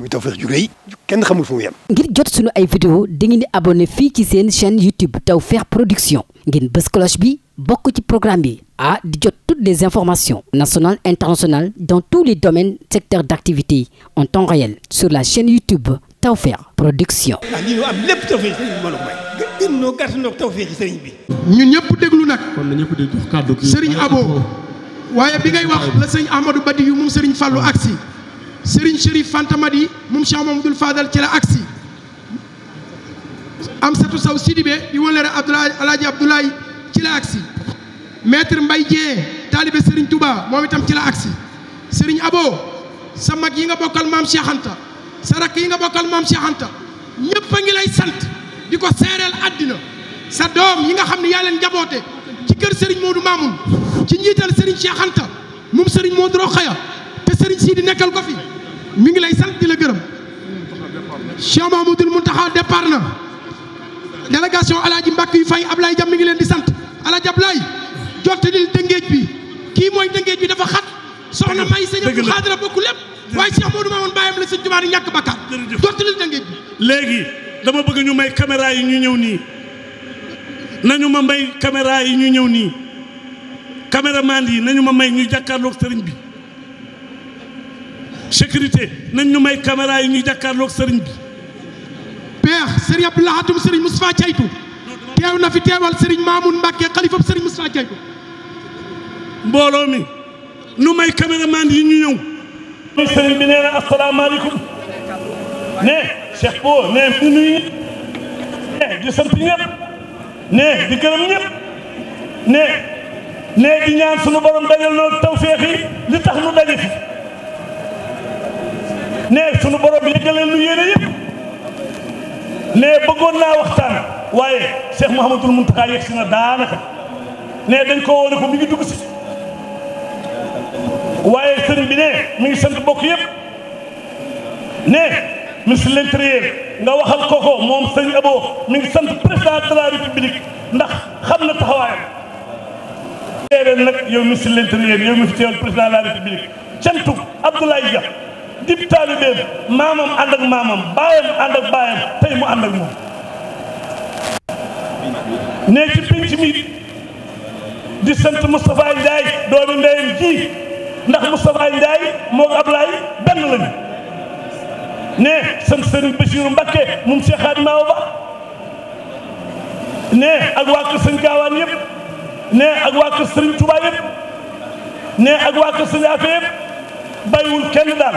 muy Tawfekh ju rëy kenn xamul fu mu yem. ngir jot sunu ay vidéo dangeen di abonné fii ci seen chaîne YouTube Tawfekh Production ngeen bës bi bokk ci programme bi ah di jot toutes les informations nationales internationales dans tous les domaines secteurs d'activité en temps réel sur la chaîne YouTube Tawfekh Production. ah lii ñu am lépp Tawfekh sëriñ bi mbooloo mooy. gën gën ñoo gàtt sëriñ bi. ñun ñëpp déglu nag. sëriñ Abo waaye bi ngay wax la sëriñ Amadou Badi yu moom sëriñ Fallou agsi Serigne Chérif Fantamadi moom Cheikh Mamadou Fadal ci la agsi Amsatou Sow Sidibé di wëllëre Abdoulaye Alaaji Abdoulaye ci la agsi maître Mbaye Dieng taalibe Serigne Touba moom itam ci la aksi Serigne Abo sa mag yi nga bokkal maam Cheikh Anta sa rakk yi nga bokkal maam Cheikh Anta ñëpp a ngi lay sant di ko seereel àddina sa doom yi nga xam ne yaa leen jaboote ci kër Serigne Modou Mamoun ci njiital Serigne Cheikh Anta moom Serigne Modou Rokhaya Serigne Sidi nekkal ko fi mi ngi lay sant di la gërëm mu Mahmoudul Mountakha départ na délégation alaaji Mbàkke yu fay Ablaye Jam mi ngi leen di sant alaaji Ablaye jottalil dëngeej bi kii mooy dëngeej bi dafa xat soxna may sëñ Abdu Xaadir bokk lépp waaye Cheikh Modou Mamoun bàyyam la sëñ Tuubaa di ñàkk bakkaar jottalil dëngeej bi léegi dama bëgg ñu may caméra yi ñu ñëw nii nañu ma may caméra yi ñuy ñëw nii caméraman yi nañu ma may ñuy jàkkaarloog sëriñ bi sécurité nañ ñu may caméra yi ñuy jàkkaarloog sëriñ bi. père sëriñ Abdou Lahadoum sëriñ Moustapha Caytu teew na fi teewal sëriñ Mamoun Mbacke xalifam sëriñ Moustapha Caytu mbooloo mi nu may caméraman yi ñu ñëw. sëriñ bi nee na asalaamaaleykum ne Cheikh Bo ne fi nuyu ne di sant ñëpp ne di gërëm ñëpp ne ne di ñaan sunu ne bëggoon naa waxtaan waaye Cheikh Mouhamadul Mountakha yegg si na daanaka ne dañ ko woo ne ko mi ngi dugg si waaye sëriñ bi ne mi ngi sant bokk yëpp ne ministre l'intérieur ndax waxal kooko moom sëriñ Abo mi ngi sant président la république ndax xam na taxawaayam teewee nag yow ministre l'intérieur yow mi fi teewal président de la république cantu Abdoulaye Dia di taalibeem maamam ànd ak maamam baayam ànd baayam tey mu ànd ak moom ne ci pénc mi di sant Moustapha Ndiaye doomi ndeyam ji ndax Moustapha Ndiaye moog Ablaye benn lañu ne sant Serigne Bassirou Mbacké moom Cheikh Adma Ba ne ak waa kër Serigne Gaawaan yëpp ne ak waa kër Serigne Touba yëpp ne ak waa kër Serigne Afé yëpp bàyyiwul kenn daal